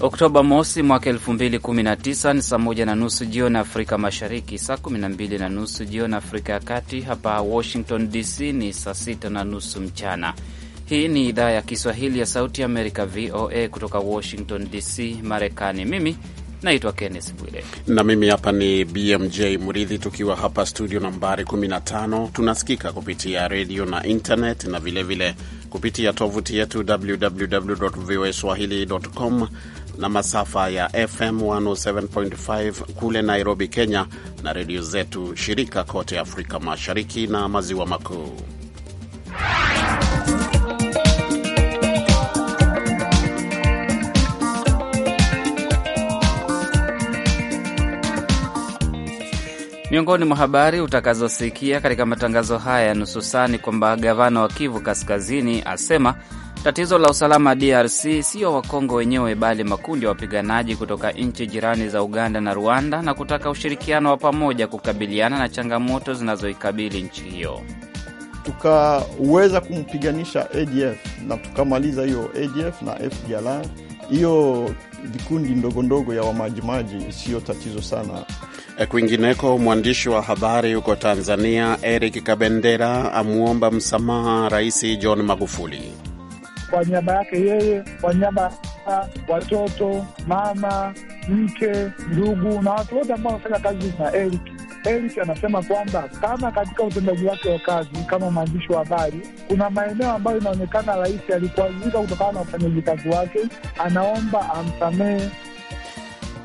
Oktoba mosi mwaka 219 ni saa moja na nusu jioni Afrika Mashariki, saa 12 na nusu jioni Afrika ya Kati. Hapa Washington DC ni saa sita na nusu mchana. Hii ni idhaa ya Kiswahili ya Sauti ya Amerika, VOA, kutoka Washington DC, Marekani. Mimi Naitwa Kenneth Bwire na mimi hapa ni BMJ Mridhi, tukiwa hapa studio nambari 15. Tunasikika kupitia redio na internet na vilevile vile kupitia tovuti yetu www voa swahili.com na masafa ya FM 107.5 kule Nairobi, Kenya, na redio zetu shirika kote Afrika Mashariki na Maziwa Makuu. Miongoni mwa habari utakazosikia katika matangazo haya ya nusu saa ni kwamba gavana wa Kivu Kaskazini asema tatizo la usalama DRC sio Wakongo wenyewe bali makundi ya wapiganaji kutoka nchi jirani za Uganda na Rwanda, na kutaka ushirikiano wa pamoja kukabiliana na changamoto zinazoikabili nchi hiyo. Tukaweza kumpiganisha ADF na tukamaliza hiyo ADF na FDLR, hiyo vikundi ndogondogo ya wamajimaji, siyo tatizo sana. Eh, kwingineko, mwandishi wa habari huko Tanzania Eric Kabendera amwomba msamaha Rais John Magufuli kwa niaba yake yeye, kwa niaba ya watoto, mama, mke, ndugu na watu wote ambao wanafanya kazi na Eric. Eric anasema kwamba kama katika utendaji wake wa kazi kama mwandishi wa habari kuna maeneo ambayo inaonekana rais alikuazika kutokana na ufanyaji kazi wake, anaomba amsamehe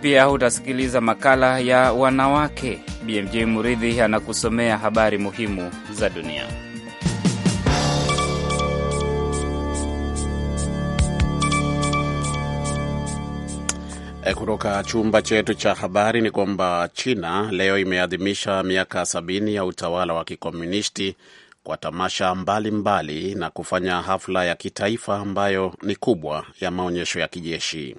pia utasikiliza makala ya wanawake. BMJ Muridhi anakusomea habari muhimu za dunia. Eh, kutoka chumba chetu cha habari ni kwamba China leo imeadhimisha miaka sabini ya utawala wa kikomunisti kwa tamasha mbalimbali mbali na kufanya hafla ya kitaifa ambayo ni kubwa ya maonyesho ya kijeshi.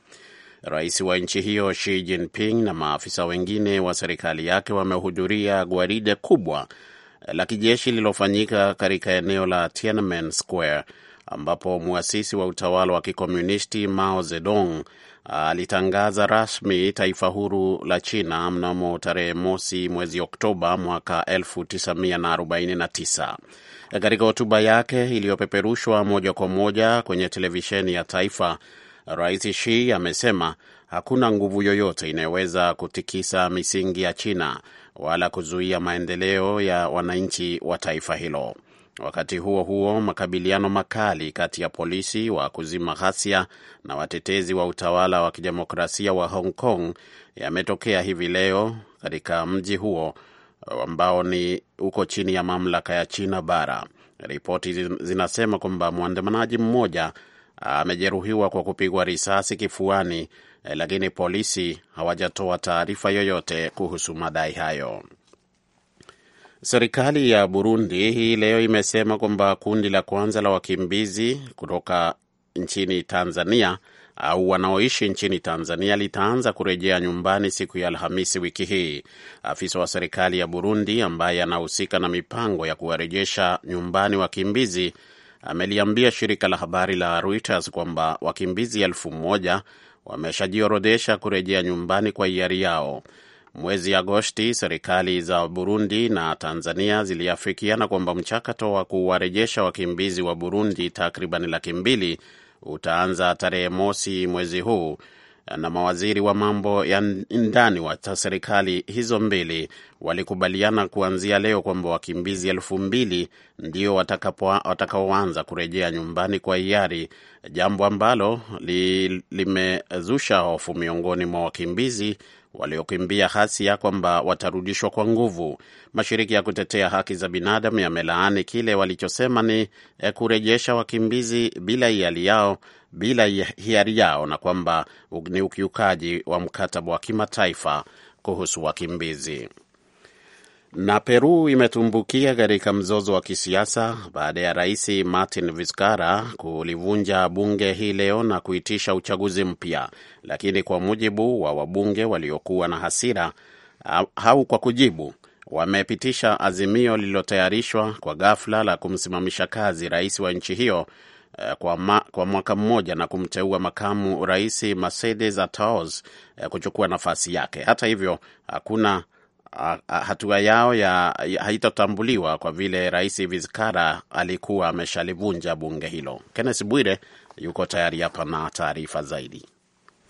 Rais wa nchi hiyo Xi Jinping na maafisa wengine wa serikali yake wamehudhuria gwaride kubwa la kijeshi lililofanyika katika eneo la Tiananmen Square ambapo mwasisi wa utawala wa kikomunisti Mao Zedong alitangaza rasmi taifa huru la China mnamo tarehe mosi mwezi Oktoba mwaka 1949. Katika hotuba yake iliyopeperushwa moja kwa moja kwenye televisheni ya taifa, Rais Xi amesema hakuna nguvu yoyote inayoweza kutikisa misingi ya China wala kuzuia maendeleo ya wananchi wa taifa hilo. Wakati huo huo, makabiliano makali kati ya polisi wa kuzima ghasia na watetezi wa utawala wa kidemokrasia wa Hong Kong yametokea hivi leo katika mji huo ambao ni uko chini ya mamlaka ya China bara. Ripoti zinasema kwamba mwandamanaji mmoja amejeruhiwa kwa kupigwa risasi kifuani, eh, lakini polisi hawajatoa taarifa yoyote kuhusu madai hayo. Serikali ya Burundi hii leo imesema kwamba kundi la kwanza la wakimbizi kutoka nchini Tanzania au wanaoishi nchini Tanzania litaanza kurejea nyumbani siku ya Alhamisi wiki hii. Afisa wa serikali ya Burundi ambaye anahusika na mipango ya kuwarejesha nyumbani wakimbizi ameliambia shirika la habari la Reuters kwamba wakimbizi elfu moja wameshajiorodhesha kurejea nyumbani kwa hiari yao. Mwezi Agosti, serikali za Burundi na Tanzania ziliafikiana kwamba mchakato wa kuwarejesha wakimbizi wa Burundi takriban laki mbili utaanza tarehe mosi mwezi huu na mawaziri wa mambo ya ndani wa serikali hizo mbili walikubaliana kuanzia leo kwamba wakimbizi elfu mbili ndio watakaoanza kurejea nyumbani kwa hiari, jambo ambalo li, limezusha hofu miongoni mwa wakimbizi waliokimbia hasia kwamba watarudishwa kwa nguvu. Mashirika ya kutetea haki za binadamu yamelaani kile walichosema ni eh, kurejesha wakimbizi bila hiari yao bila hiari yao na kwamba ni ukiukaji wa mkataba wa kimataifa kuhusu wakimbizi. Na Peru imetumbukia katika mzozo wa kisiasa baada ya rais Martin Vizcarra kulivunja bunge hii leo na kuitisha uchaguzi mpya, lakini kwa mujibu wa wabunge waliokuwa na hasira au kwa kujibu wamepitisha azimio lililotayarishwa kwa ghafla la kumsimamisha kazi rais wa nchi hiyo Eh, kwa, ma, kwa mwaka mmoja na kumteua makamu rais Mercedes Ataos eh, kuchukua nafasi yake. Hata hivyo hakuna hatua yao ya, ya haitatambuliwa kwa vile rais Vizcarra alikuwa ameshalivunja bunge hilo. Kenneth Bwire yuko tayari hapa na taarifa zaidi.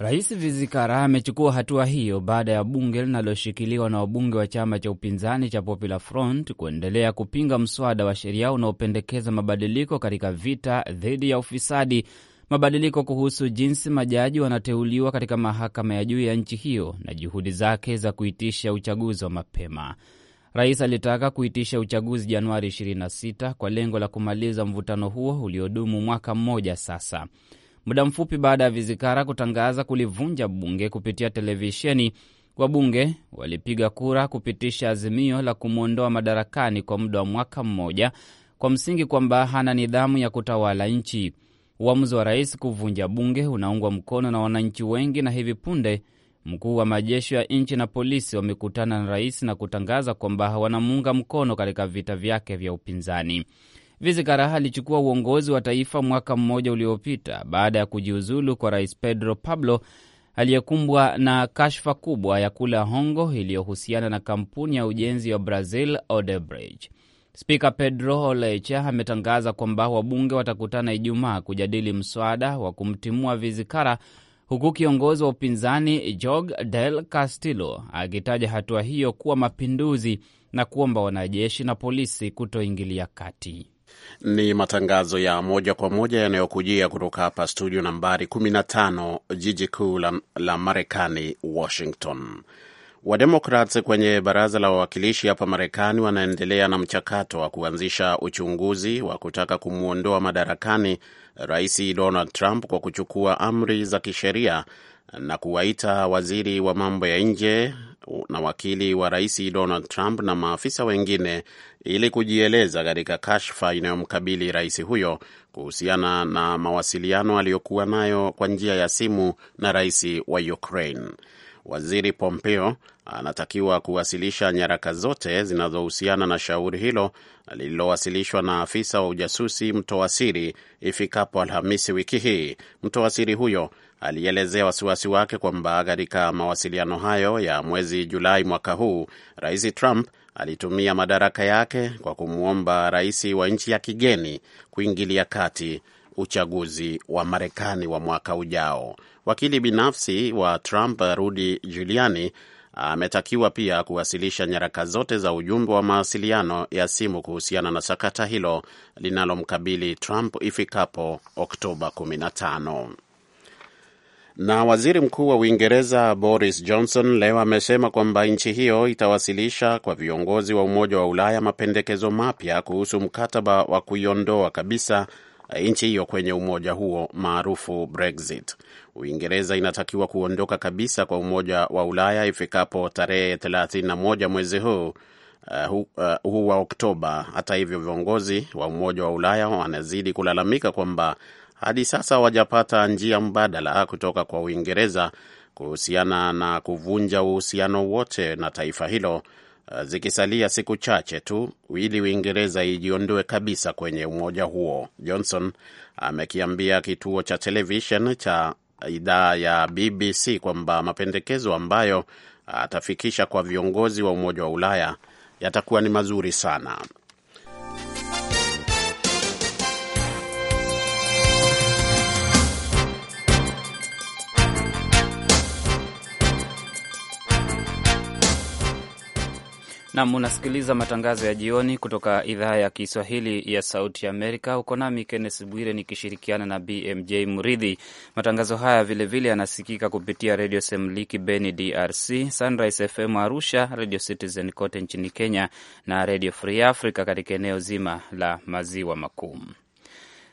Rais Vizikara amechukua hatua hiyo baada ya bunge linaloshikiliwa na wabunge wa chama cha upinzani cha Popular Front kuendelea kupinga mswada wa sheria unaopendekeza mabadiliko katika vita dhidi ya ufisadi, mabadiliko kuhusu jinsi majaji wanateuliwa katika mahakama ya juu ya nchi hiyo na juhudi zake za kuitisha uchaguzi wa mapema. Rais alitaka kuitisha uchaguzi Januari 26 kwa lengo la kumaliza mvutano huo uliodumu mwaka mmoja sasa muda mfupi baada ya Vizikara kutangaza kulivunja bunge kupitia televisheni. Wabunge walipiga kura kupitisha azimio la kumwondoa madarakani kwa muda wa mwaka mmoja kwa msingi kwamba hana nidhamu ya kutawala nchi. Uamuzi wa rais kuvunja bunge unaungwa mkono na wananchi wengi, na hivi punde mkuu wa majeshi ya nchi na polisi wamekutana na rais na kutangaza kwamba wanamuunga mkono katika vita vyake vya upinzani vizikara alichukua uongozi wa taifa mwaka mmoja uliopita baada ya kujiuzulu kwa Rais Pedro Pablo aliyekumbwa na kashfa kubwa ya kula hongo iliyohusiana na kampuni ya ujenzi wa Brazil Odebrecht. Spika Pedro Olecha ametangaza kwamba wabunge watakutana Ijumaa kujadili mswada wa kumtimua Vizikara, huku kiongozi wa upinzani Jorge Del Castillo akitaja hatua hiyo kuwa mapinduzi na kuomba wanajeshi na polisi kutoingilia kati. Ni matangazo ya moja kwa moja yanayokujia kutoka hapa studio nambari 15 jiji kuu la, la Marekani, Washington. Wademokrats kwenye baraza la wawakilishi hapa Marekani wanaendelea na mchakato wa kuanzisha uchunguzi wa kutaka kumwondoa madarakani Rais Donald Trump kwa kuchukua amri za kisheria na kuwaita waziri wa mambo ya nje na wakili wa rais Donald Trump na maafisa wengine ili kujieleza katika kashfa inayomkabili rais huyo kuhusiana na mawasiliano aliyokuwa nayo kwa njia ya simu na rais wa Ukraine. Waziri Pompeo anatakiwa kuwasilisha nyaraka zote zinazohusiana na shauri hilo lililowasilishwa na afisa wa ujasusi mtoa siri ifikapo Alhamisi wiki hii. Mtoa siri huyo alielezea wasiwasi wake kwamba katika mawasiliano hayo ya mwezi Julai mwaka huu, Rais Trump alitumia madaraka yake kwa kumwomba rais wa nchi ya kigeni kuingilia kati uchaguzi wa Marekani wa mwaka ujao. Wakili binafsi wa Trump Rudy Giuliani ametakiwa pia kuwasilisha nyaraka zote za ujumbe wa mawasiliano ya simu kuhusiana na sakata hilo linalomkabili Trump ifikapo Oktoba 15. Na waziri mkuu wa Uingereza Boris Johnson leo amesema kwamba nchi hiyo itawasilisha kwa viongozi wa Umoja wa Ulaya mapendekezo mapya kuhusu mkataba wa kuiondoa kabisa eh, nchi hiyo kwenye umoja huo maarufu Brexit. Uingereza inatakiwa kuondoka kabisa kwa Umoja wa Ulaya ifikapo tarehe 31 mwezi huu eh, eh, huu uh, uh, wa Oktoba. Hata hivyo, viongozi wa Umoja wa Ulaya wanazidi kulalamika kwamba hadi sasa hawajapata njia mbadala kutoka kwa Uingereza kuhusiana na kuvunja uhusiano wote na taifa hilo, eh, zikisalia siku chache tu ili Uingereza ijiondoe kabisa kwenye umoja huo. Johnson amekiambia kituo cha televishen cha idhaa ya BBC kwamba mapendekezo ambayo atafikisha kwa viongozi wa Umoja wa Ulaya yatakuwa ni mazuri sana. Nam, unasikiliza matangazo ya jioni kutoka idhaa ya Kiswahili ya Sauti Amerika. Uko nami Kennes Bwire nikishirikiana na BMJ mridhi Matangazo haya vilevile yanasikika vile kupitia Redio Semliki Beni DRC, Sunrise FM Arusha, Redio Citizen kote nchini Kenya na Redio Free Africa katika eneo zima la maziwa makuu.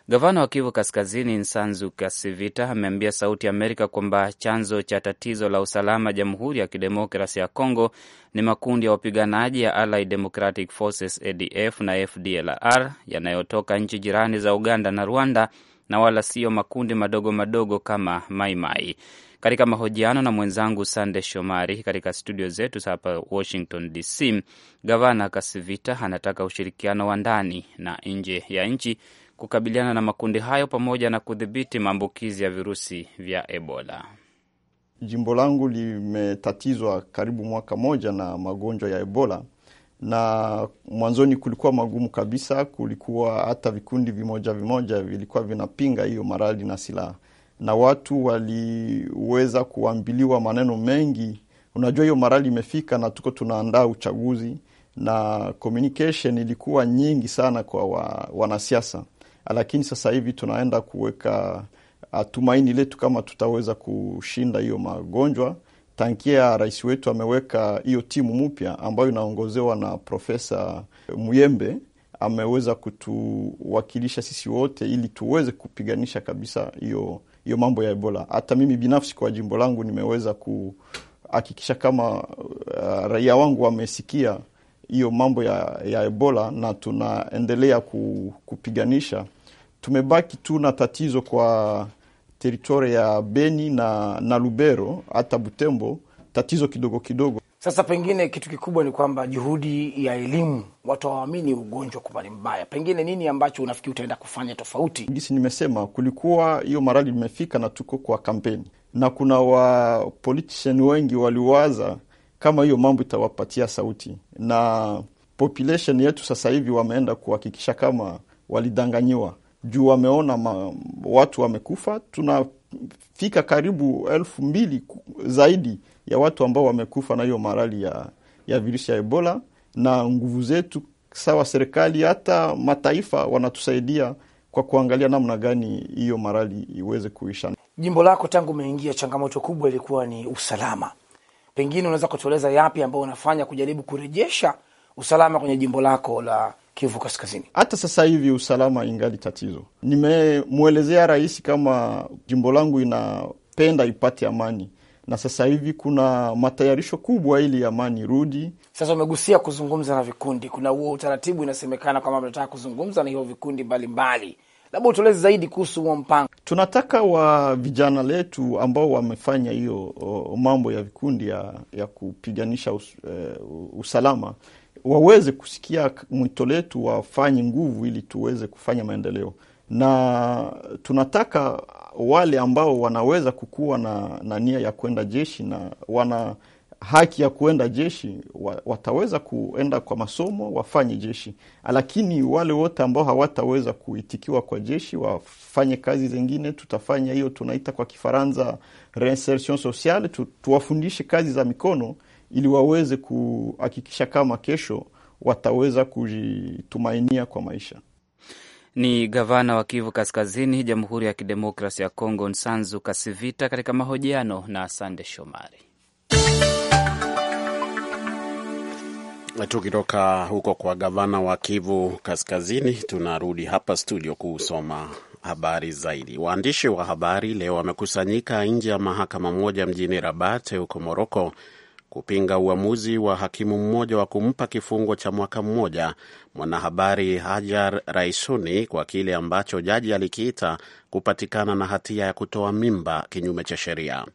Gavana wa Kivu Kaskazini, Nsanzu Kasivita, ameambia Sauti ya Amerika kwamba chanzo cha tatizo la usalama Jamhuri ya Kidemokrasi ya Congo ni makundi ya wapiganaji ya Allied Democratic Forces, ADF na FDLR, yanayotoka nchi jirani za Uganda na Rwanda, na wala siyo makundi madogo madogo kama Maimai mai. Katika mahojiano na mwenzangu Sande Shomari katika studio zetu hapa Washington DC, Gavana Kasivita anataka ushirikiano wa ndani na nje ya nchi kukabiliana na makundi hayo pamoja na kudhibiti maambukizi ya virusi vya Ebola. Jimbo langu limetatizwa karibu mwaka moja na magonjwa ya Ebola, na mwanzoni kulikuwa magumu kabisa. Kulikuwa hata vikundi vimoja vimoja vilikuwa vinapinga hiyo marali na silaha, na watu waliweza kuambiliwa maneno mengi. Unajua, hiyo marali imefika na tuko tunaandaa uchaguzi, na communication ilikuwa nyingi sana kwa wa, wanasiasa lakini sasa hivi tunaenda kuweka ah, tumaini letu kama tutaweza kushinda hiyo magonjwa. Tankia rais wetu ameweka hiyo timu mpya ambayo inaongozewa na Profesa Muyembe ameweza kutuwakilisha sisi wote ili tuweze kupiganisha kabisa hiyo hiyo mambo ya Ebola. Hata mimi binafsi kwa jimbo langu nimeweza kuhakikisha kama uh, raia wangu wamesikia hiyo mambo ya, ya Ebola na tunaendelea kupiganisha tumebaki tu na tatizo kwa teritoria ya Beni na, na Lubero hata Butembo, tatizo kidogo kidogo. Sasa pengine kitu kikubwa ni kwamba juhudi ya elimu, watu hawaamini ugonjwa kwa mbaya. Pengine nini ambacho unafikiri utaenda kufanya tofauti? Gisi nimesema kulikuwa hiyo marali limefika na tuko kwa kampeni, na kuna wa politician wengi waliwaza kama hiyo mambo itawapatia sauti, na population yetu sasa hivi wameenda kuhakikisha kama walidanganyiwa juu wameona ma, watu wamekufa. Tunafika karibu elfu mbili zaidi ya watu ambao wamekufa na hiyo marali ya, ya virusi ya Ebola, na nguvu zetu sawa serikali hata mataifa wanatusaidia kwa kuangalia namna gani hiyo marali iweze kuisha. Jimbo lako tangu umeingia, changamoto kubwa ilikuwa ni usalama. Pengine unaweza kutueleza yapi ambao unafanya kujaribu kurejesha usalama kwenye jimbo lako la Kivu Kaskazini. Hata sasa hivi usalama ingali tatizo. Nimemwelezea rais kama jimbo langu inapenda ipate amani, na sasa hivi kuna matayarisho kubwa ili amani rudi. Sasa umegusia kuzungumza na vikundi, kuna huo utaratibu inasemekana kwamba mnataka kuzungumza na hivyo vikundi mbalimbali, labda utueleze zaidi kuhusu huo mpango. Tunataka wa vijana letu ambao wamefanya hiyo mambo ya vikundi ya, ya kupiganisha us, uh, usalama waweze kusikia mwito letu, wafanye nguvu ili tuweze kufanya maendeleo, na tunataka wale ambao wanaweza kukuwa na, na nia ya kuenda jeshi na wana haki ya kuenda jeshi wataweza kuenda kwa masomo wafanye jeshi, lakini wale wote ambao hawataweza kuitikiwa kwa jeshi wafanye kazi zingine. Tutafanya hiyo tunaita kwa Kifaransa reinsertion sociale tu, tuwafundishe kazi za mikono ili waweze kuhakikisha kama kesho wataweza kujitumainia kwa maisha. Ni gavana wa Kivu Kaskazini, Jamhuri ya Kidemokrasi ya Kongo, Nsanzu Kasivita, katika mahojiano na Sande Shomari. Tukitoka huko kwa gavana wa Kivu Kaskazini, tunarudi hapa studio kusoma habari zaidi. Waandishi wa habari leo wamekusanyika nje ya mahakama moja mjini Rabat huko Moroko kupinga uamuzi wa hakimu mmoja wa kumpa kifungo cha mwaka mmoja mwanahabari Hajar Raisuni kwa kile ambacho jaji alikiita kupatikana na hatia ya kutoa mimba kinyume cha sheria.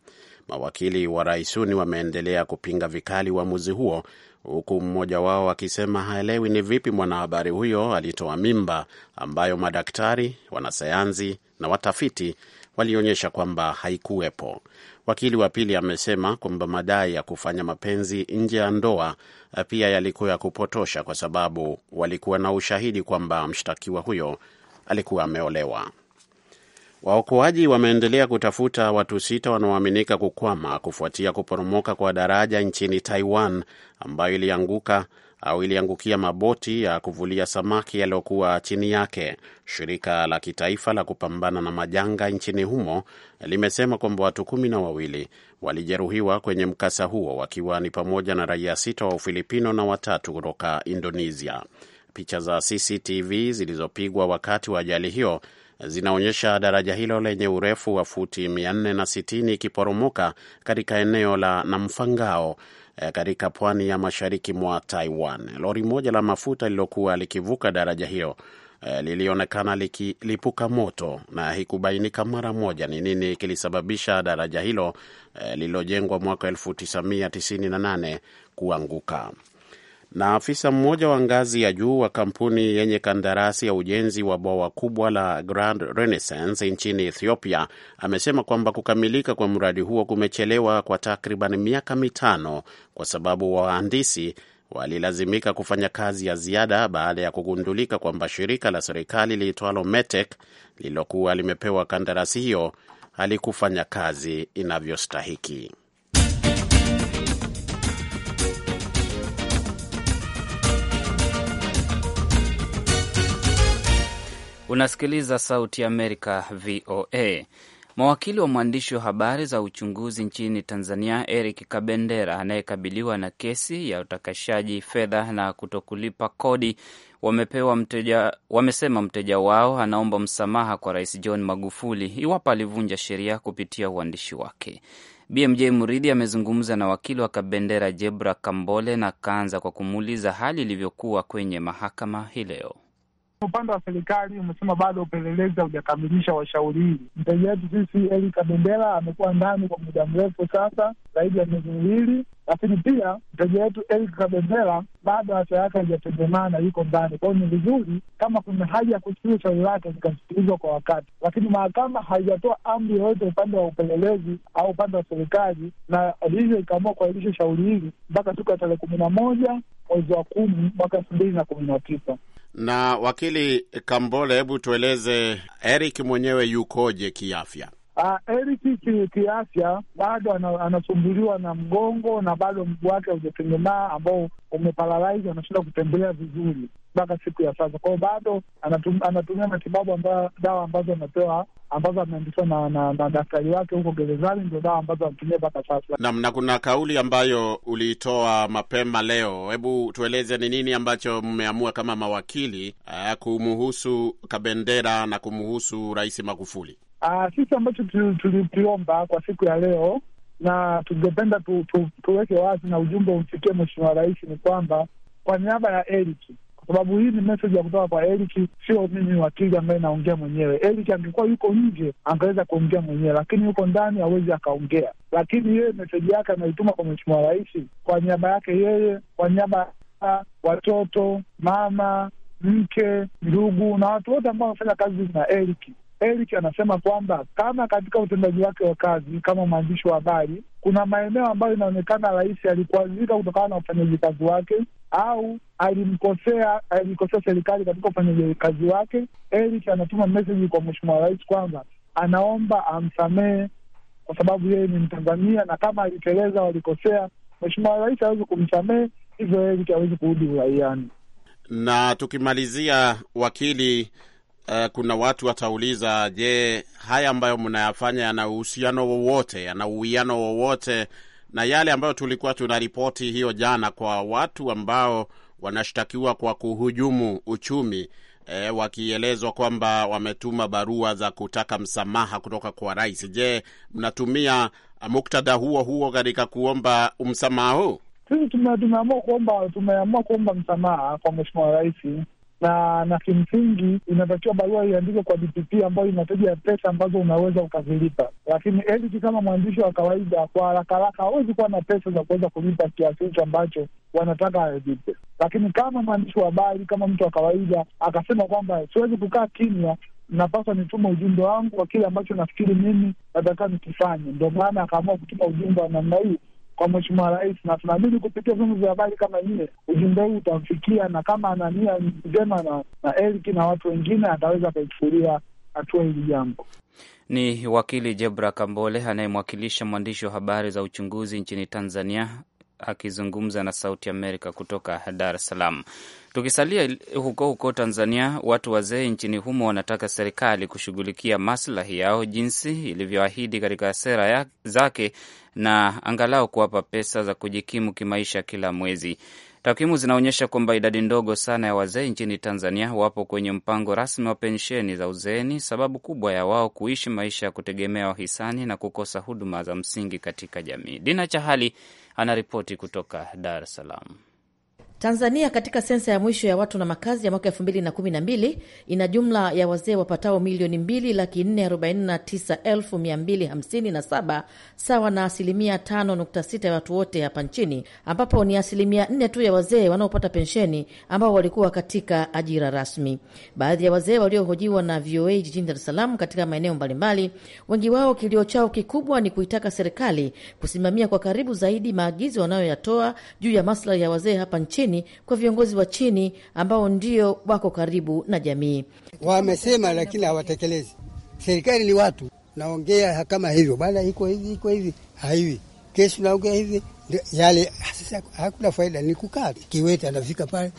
Mawakili wa Raisuni wameendelea kupinga vikali uamuzi huo, huku mmoja wao akisema haelewi ni vipi mwanahabari huyo alitoa mimba ambayo madaktari, wanasayansi na watafiti walionyesha kwamba haikuwepo. Wakili wa pili amesema kwamba madai ya kufanya mapenzi nje ya ndoa eh, pia yalikuwa ya kupotosha, kwa sababu walikuwa na ushahidi kwamba mshtakiwa huyo alikuwa ameolewa. Waokoaji wameendelea kutafuta watu sita wanaoaminika kukwama kufuatia kuporomoka kwa daraja nchini Taiwan ambayo ilianguka au iliangukia maboti ya kuvulia samaki yaliyokuwa chini yake. Shirika la kitaifa la kupambana na majanga nchini humo limesema kwamba watu kumi na wawili walijeruhiwa kwenye mkasa huo, wakiwa ni pamoja na raia sita wa Ufilipino na watatu kutoka Indonesia. Picha za CCTV zilizopigwa wakati wa ajali hiyo zinaonyesha daraja hilo lenye urefu wa futi 460 ikiporomoka katika eneo la Namfangao Eh, katika pwani ya mashariki mwa Taiwan. Lori moja la mafuta lililokuwa likivuka daraja hiyo eh, lilionekana likilipuka moto na hikubainika mara moja ni nini kilisababisha daraja hilo eh, lililojengwa mwaka 1998 kuanguka na afisa mmoja wa ngazi ya juu wa kampuni yenye kandarasi ya ujenzi wa bwawa kubwa la Grand Renaissance nchini Ethiopia amesema kwamba kukamilika kwa mradi huo kumechelewa kwa takriban miaka mitano kwa sababu wahandisi walilazimika kufanya kazi ya ziada baada ya kugundulika kwamba shirika la serikali liitwalo METEC lililokuwa limepewa kandarasi hiyo halikufanya kazi inavyostahiki. Unasikiliza Sauti ya Amerika, VOA. Mawakili wa mwandishi wa habari za uchunguzi nchini Tanzania Eric Kabendera anayekabiliwa na kesi ya utakashaji fedha na kutokulipa kodi wamepewa mteja, wamesema mteja wao anaomba msamaha kwa Rais John Magufuli iwapo alivunja sheria kupitia uandishi wake. BMJ Muridhi amezungumza na wakili wa Kabendera Jebra Kambole na kaanza kwa kumuuliza hali ilivyokuwa kwenye mahakama hii leo. Upande wa serikali umesema bado upelelezi haujakamilisha washauri hili. Mteja wetu sisi Eli Kabendela amekuwa ndani kwa muda mrefu sasa, zaidi ya miezi miwili, lakini pia mteja wetu Eli Kabendela bado afya yake haijatengemana, yuko ndani. Kwa hiyo ni vizuri kama kuna haja ya kusikiliza shauri lake likasikilizwa kwa wakati, lakini mahakama haijatoa amri yoyote upande wa upelelezi au upande wa serikali, na hivyo ikaamua kuahirisha shauri hili mpaka siku ya tarehe kumi na moja mwezi wa kumi mwaka elfu mbili na kumi na tisa. Na wakili Kambole, hebu tueleze Eric mwenyewe yukoje kiafya? Uh, Eric kiafya bado anasumbuliwa na mgongo na bado mguu wake haujatengemaa ambao umeparalaizi, anashindwa kutembelea vizuri mpaka siku ya sasa. Kwao bado anatum, anatumia matibabu amba, dawa ambazo amepewa ambazo ameandikwa na, na, na daktari wake huko gerezani, ndio dawa ambazo anatumia mpaka sasa. Naam, na kuna kauli ambayo uliitoa mapema leo, hebu tueleze ni nini ambacho mmeamua kama mawakili uh, kumuhusu Kabendera na kumuhusu Rais Magufuli? Uh, sisi ambacho tulikiomba kwa siku ya leo na tungependa tu, tu, tuweke wazi na ujumbe umfikie Mheshimiwa Rais ni kwamba kwa niaba ya Eric, kwa sababu hii ni meseji ya kutoka kwa Eric, sio mimi wakili ambaye naongea mwenyewe. Eric angekuwa yuko nje angeweza kuongea mwenyewe, lakini yuko ndani hawezi akaongea. Lakini yeye meseji yake anaituma kwa Mheshimiwa Rais kwa niaba yake yeye, kwa niaba ya watoto, mama, mke, ndugu na watu wote ambao wanafanya kazi na Eric Eric anasema kwamba kama katika utendaji wake wa kazi kama mwandishi wa habari kuna maeneo ambayo inaonekana rais alikuazika kutokana na ufanyaji kazi wake au alimkosea alikosea serikali katika ufanyaji kazi wake, Eric anatuma meseji kwa mheshimiwa rais kwamba anaomba amsamehe kwa sababu yeye ni Mtanzania na kama aliteleza walikosea, mheshimiwa rais aweze kumsamehe, hivyo Eric awezi kurudi uraiani. Na tukimalizia wakili uh, kuna watu watauliza, je, haya ambayo mnayafanya yana uhusiano wowote, yana uwiano wowote na yale ambayo tulikuwa tunaripoti hiyo jana kwa watu ambao wanashtakiwa kwa kuhujumu uchumi e, wakielezwa kwamba wametuma barua za kutaka msamaha kutoka kwa rais. Je, mnatumia muktadha huo huo katika kuomba msamaha huu? Sisi tumeamua kuomba, tumeamua kuomba msamaha kwa mheshimiwa rais na na kimsingi inatakiwa barua iandikwe kwa DPP ambayo inataja pesa ambazo unaweza ukazilipa, lakini Eric kama mwandishi wa kawaida, kwa haraka haraka hawezi kuwa na pesa za kuweza kulipa kiasi hicho ambacho wanataka alipe. Lakini kama mwandishi wa habari, kama mtu wa kawaida akasema kwamba siwezi kukaa kimya napaswa nitume ujumbe wangu wa kile ambacho nafikiri mimi nataka nikifanye. Ndio maana akaamua kutuma ujumbe wa namna hii kwa mheshimiwa rais, na tunaamini kupitia vyombo vya habari kama nyie ujumbe huu utamfikia, na kama ana nia njema na, na Elki na watu wengine ataweza akaichukulia hatua hili jambo. Ni wakili Jebra Kambole anayemwakilisha mwandishi wa habari za uchunguzi nchini Tanzania akizungumza na Sauti Amerika kutoka Dar es Salaam. Tukisalia huko huko Tanzania, watu wazee nchini humo wanataka serikali kushughulikia maslahi yao jinsi ilivyoahidi katika sera ya zake na angalau kuwapa pesa za kujikimu kimaisha kila mwezi. Takwimu zinaonyesha kwamba idadi ndogo sana ya wazee nchini Tanzania wapo kwenye mpango rasmi wa pensheni za uzeeni, sababu kubwa ya wao kuishi maisha ya kutegemea wahisani na kukosa huduma za msingi katika jamii. Dina Chahali anaripoti kutoka Dar es Salaam. Tanzania katika sensa ya mwisho ya watu na makazi ya mwaka elfu mbili na kumi na mbili ina jumla ya wazee wapatao milioni mbili laki nne arobaini na tisa elfu mia mbili hamsini na saba sawa na asilimia tano nukta sita ya watu wote hapa nchini, ambapo ni asilimia nne tu ya wazee wanaopata pensheni ambao walikuwa katika ajira rasmi. Baadhi ya wazee waliohojiwa na VOA jijini Dar es Salaam katika maeneo mbalimbali, wengi wao kilio chao kikubwa ni kuitaka serikali kusimamia kwa karibu zaidi maagizo wanayoyatoa juu ya maslahi ya wazee hapa nchini chini kwa viongozi wa chini ambao ndio wako karibu na jamii. Wamesema lakini hawatekelezi. Serikali ni watu, naongea kama hivyo bana, iko hivi iko hivi, haiwi. Kesho naongea hivi, yale sasa hakuna faida, ni kukaa kiwete. Anafika pale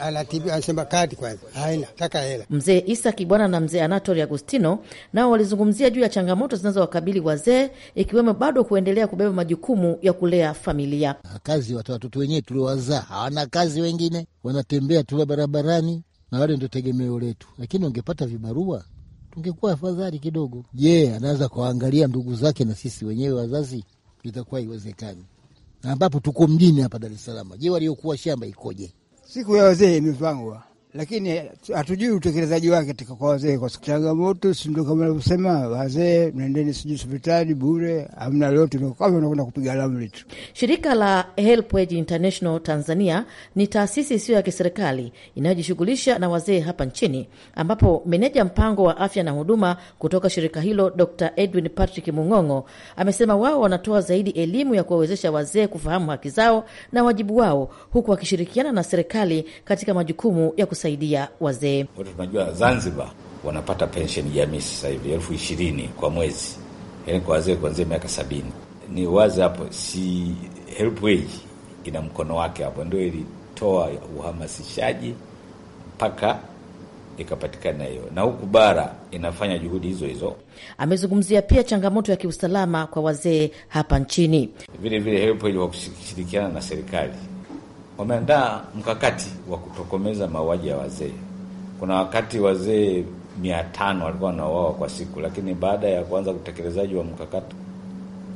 anatibia, anasema kati kwanza, haina taka hela. Mzee Isa Kibwana na mzee Anatoli Agustino nao walizungumzia juu ya changamoto zinazowakabili wazee, ikiwemo bado kuendelea kubeba majukumu ya kulea familia. Kazi watoto wenyewe tuliowazaa hawana kazi, wengine wanatembea tula barabarani, na wale ndio tegemeo letu, lakini wangepata vibarua tungekuwa afadhali kidogo. Je, yeah, anaweza kuwaangalia ndugu zake na sisi wenyewe wazazi, itakuwa iwezekani ambapo tuko mjini hapa Dar es Salaam. Je, waliokuwa shamba ikoje? Siku ya wazee imepangwa lakini hatujui utekelezaji wake tika kwa wazee, kwa changamoto sindo, kama navyosema wazee, mnaendeni sijui hospitali bure, hamna lolote, nakwenda kupiga lamu litu. Shirika la HelpAge International Tanzania ni taasisi isiyo ya kiserikali inayojishughulisha na wazee hapa nchini, ambapo meneja mpango wa afya na huduma kutoka shirika hilo Dr Edwin Patrick Mung'ong'o amesema wao wanatoa zaidi elimu ya kuwawezesha wazee kufahamu haki zao na wajibu wao, huku wakishirikiana na serikali katika majukumu ya kusaidia wazee Tunajua Zanzibar wanapata pensheni jamii sasa hivi elfu ishirini kwa mwezi, yaani kwa wazee kuanzia miaka sabini. Ni wazi hapo, si help wage ina mkono wake hapo, ndio ilitoa uhamasishaji mpaka ikapatikana hiyo, na huku bara inafanya juhudi hizo hizo. Amezungumzia pia changamoto ya kiusalama kwa wazee hapa nchini, vile vile help wage kwa kushirikiana na serikali wameandaa mkakati wa kutokomeza mauaji ya wazee. Kuna wakati wazee mia tano walikuwa wanauawa kwa siku, lakini baada ya kuanza utekelezaji wa mkakati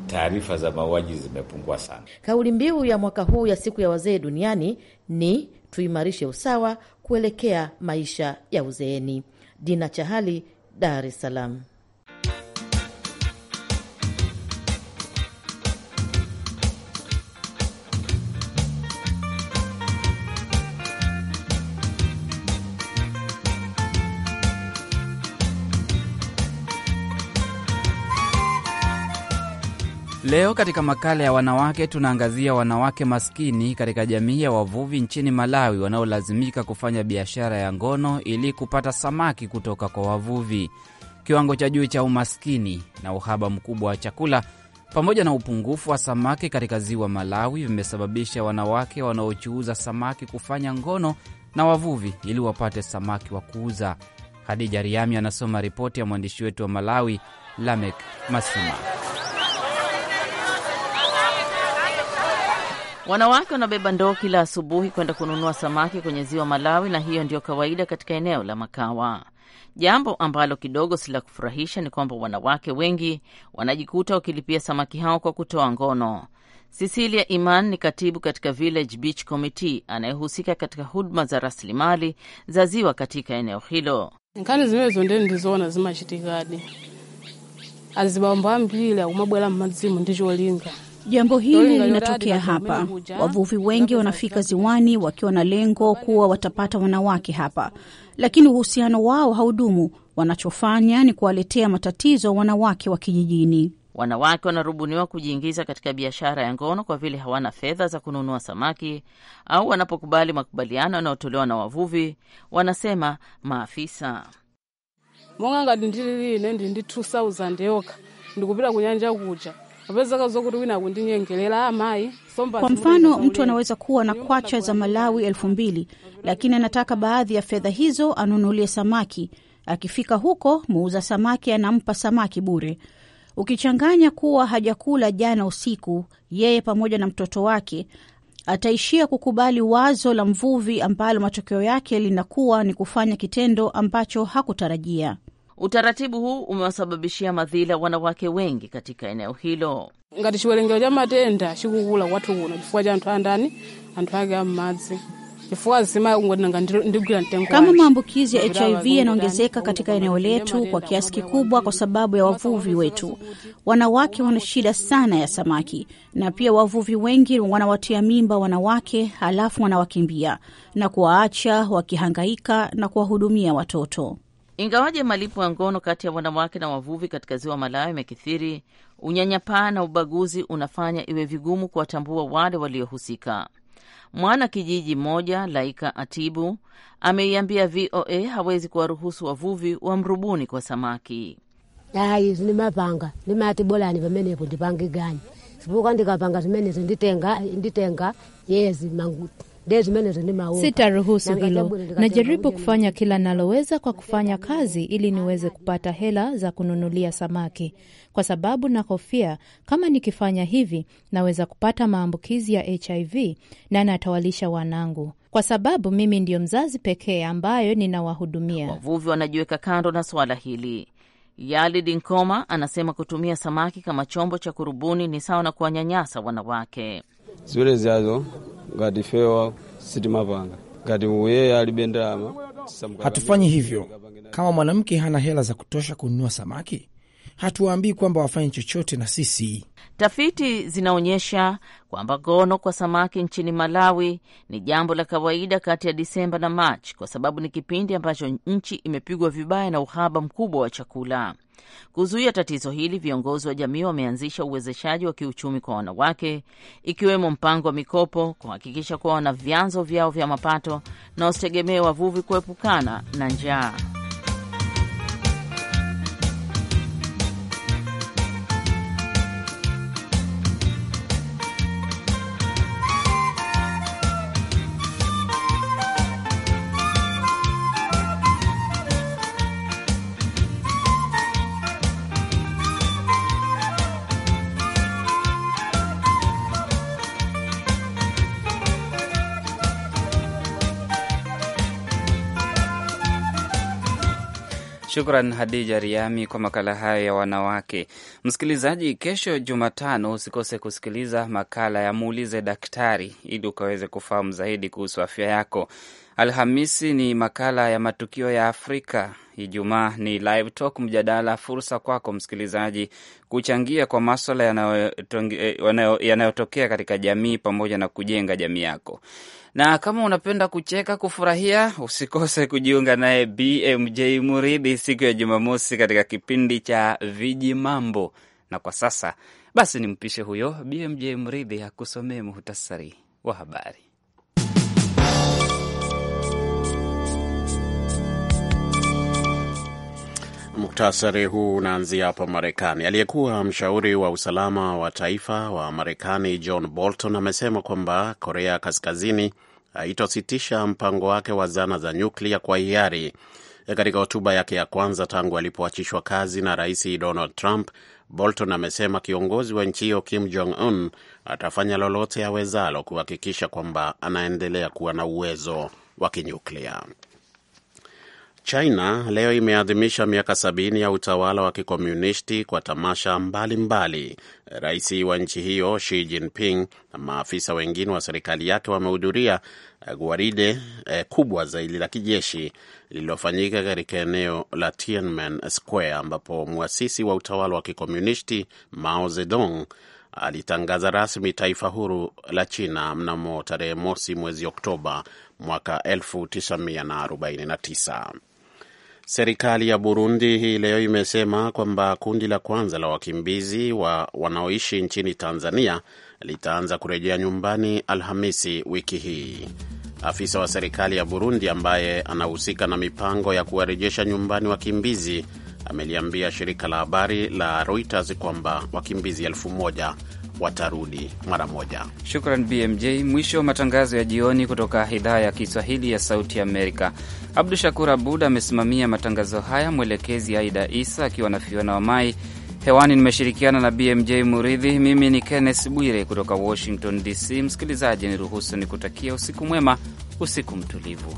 taarifa za mauaji zimepungua sana. Kauli mbiu ya mwaka huu ya siku ya wazee duniani ni tuimarishe usawa kuelekea maisha ya uzeeni. Dina Chahali, Dar es Salaam. Leo katika makala ya wanawake tunaangazia wanawake maskini katika jamii ya wavuvi nchini Malawi wanaolazimika kufanya biashara ya ngono ili kupata samaki kutoka kwa wavuvi. Kiwango cha juu cha umaskini na uhaba mkubwa wa chakula pamoja na upungufu wa samaki katika ziwa Malawi vimesababisha wanawake wanaochuuza samaki kufanya ngono na wavuvi ili wapate samaki wa kuuza. Hadija Riami anasoma ripoti ya mwandishi wetu wa Malawi, Lamek Masima. Wanawake wanabeba ndoo kila asubuhi kwenda kununua samaki kwenye ziwa Malawi, na hiyo ndiyo kawaida katika eneo la Makawa. Jambo ambalo kidogo si la kufurahisha ni kwamba wanawake wengi wanajikuta wakilipia samaki hao kwa kutoa ngono. Cecilia Iman ni katibu katika Village Beach Committee anayehusika katika huduma za rasilimali za ziwa katika eneo hilo. nkani zimene zonde ndizoona zimachitikadi azibawambambira umabwela mmazimu ndicholinga Jambo hili linatokea hapa. Wavuvi wengi wanafika ziwani wakiwa na lengo kuwa watapata wanawake hapa, lakini uhusiano wao haudumu. Wanachofanya ni kuwaletea matatizo wanawake wa kijijini. Wanawake wanarubuniwa kujiingiza katika biashara ya ngono kwa vile hawana fedha za kununua samaki, au wanapokubali makubaliano yanayotolewa na wavuvi, wanasema maafisa monganga ine ndindi 2000 yoka ndikupita kunyanja kuja kwa mfano, mtu anaweza kuwa na kwacha za Malawi elfu mbili lakini anataka baadhi ya fedha hizo anunulie samaki. Akifika huko, muuza samaki anampa samaki bure. Ukichanganya kuwa hajakula jana usiku, yeye pamoja na mtoto wake ataishia kukubali wazo la mvuvi ambalo matokeo yake linakuwa ni kufanya kitendo ambacho hakutarajia. Utaratibu huu umewasababishia madhila wanawake wengi katika eneo hilo. ngatishiwelengeoja matenda shikuhula watukuna chifukwa cha anthu andani anthu ake ammadzi kama maambukizi ya HIV yanaongezeka katika eneo letu kwa kiasi kikubwa kwa sababu ya wavuvi wetu. Wanawake wana shida sana ya samaki, na pia wavuvi wengi wanawatia mimba wanawake, halafu wanawakimbia na kuwaacha wakihangaika na kuwahudumia watoto. Ingawaje malipo ya ngono kati ya wanawake na wavuvi katika ziwa Malawi imekithiri, unyanyapaa na ubaguzi unafanya iwe vigumu kuwatambua wale waliohusika. Mwana kijiji mmoja Laika Atibu ameiambia VOA hawezi kuwaruhusu wavuvi wa mrubuni kwa samaki. Ai nimapanga bolani pamenepo ndipangi gani sipuka ndikapanga zimenezo nditenga nditenga yezi manguti Sitaruhusu hilo. Najaribu kufanya kila naloweza kwa kufanya kazi ili niweze kupata hela za kununulia samaki, kwa sababu nahofia kama nikifanya hivi naweza kupata maambukizi ya HIV na natawalisha wanangu, kwa sababu mimi ndiyo mzazi pekee ambayo ninawahudumia. Wavuvi wanajiweka kando na swala hili. Yali Dinkoma anasema kutumia samaki kama chombo cha kurubuni ni sawa na kuwanyanyasa wanawake zule zyazo ngati fewa sitimapanga ngati uye alibenderama. Hatufanyi hivyo. Kama mwanamke hana hela za kutosha kununua samaki, hatuwaambii kwamba wafanye chochote na sisi. Tafiti zinaonyesha kwamba gono kwa samaki nchini Malawi ni jambo la kawaida kati ya Disemba na Machi, kwa sababu ni kipindi ambacho nchi imepigwa vibaya na uhaba mkubwa wa chakula. Kuzuia tatizo hili, viongozi wa jamii wameanzisha uwezeshaji wa kiuchumi kwa wanawake, ikiwemo mpango wa mikopo, kuhakikisha kuwa wana vyanzo vyao vya mapato na wasitegemee wavuvi kuepukana na njaa. Shukran Hadija Riami kwa makala hayo ya wanawake. Msikilizaji, kesho Jumatano usikose kusikiliza makala ya muulize daktari ili ukaweze kufahamu zaidi kuhusu afya yako. Alhamisi ni makala ya matukio ya Afrika, Ijumaa ni live talk, mjadala, fursa kwako msikilizaji kuchangia kwa maswala eh, yanayotokea katika jamii pamoja na kujenga jamii yako. Na kama unapenda kucheka, kufurahia, usikose kujiunga naye BMJ Muridhi siku ya Jumamosi katika kipindi cha Viji Mambo. Na kwa sasa basi nimpishe huyo BMJ Muridhi akusomee muhtasari wa habari. Muktasari huu unaanzia hapa Marekani. Aliyekuwa mshauri wa usalama wa taifa wa Marekani John Bolton amesema kwamba Korea Kaskazini haitositisha mpango wake wa zana za nyuklia kwa hiari. Katika hotuba yake ya kwanza tangu alipoachishwa kazi na Rais Donald Trump, Bolton amesema kiongozi wa nchi hiyo Kim Jong Un atafanya lolote awezalo kuhakikisha kwamba anaendelea kuwa na uwezo wa kinyuklia. China leo imeadhimisha miaka sabini ya utawala wa kikomunisti kwa tamasha mbalimbali. Rais wa nchi hiyo Xi Jinping na maafisa wengine wa serikali yake wamehudhuria eh, gwaride eh, kubwa zaidi la kijeshi lililofanyika katika eneo la Tiananmen Square ambapo mwasisi wa utawala wa kikomunisti Mao Zedong alitangaza rasmi taifa huru la China mnamo tarehe mosi mwezi Oktoba mwaka 1949. Serikali ya Burundi hii leo imesema kwamba kundi la kwanza la wakimbizi wa wanaoishi nchini Tanzania litaanza kurejea nyumbani Alhamisi wiki hii. Afisa wa serikali ya Burundi ambaye anahusika na mipango ya kuwarejesha nyumbani wakimbizi ameliambia shirika la habari la Reuters kwamba wakimbizi elfu moja watarudi mara moja. Shukran BMJ. Mwisho wa matangazo ya jioni kutoka idhaa ya Kiswahili ya Sauti Amerika. Abdu Shakur Abud amesimamia matangazo haya, mwelekezi Aida Isa akiwa na Fiona Wamai. Hewani nimeshirikiana na BMJ Muridhi. Mimi ni Kenneth Bwire kutoka Washington DC. Msikilizaji, niruhusu nikutakia usiku mwema, usiku mtulivu.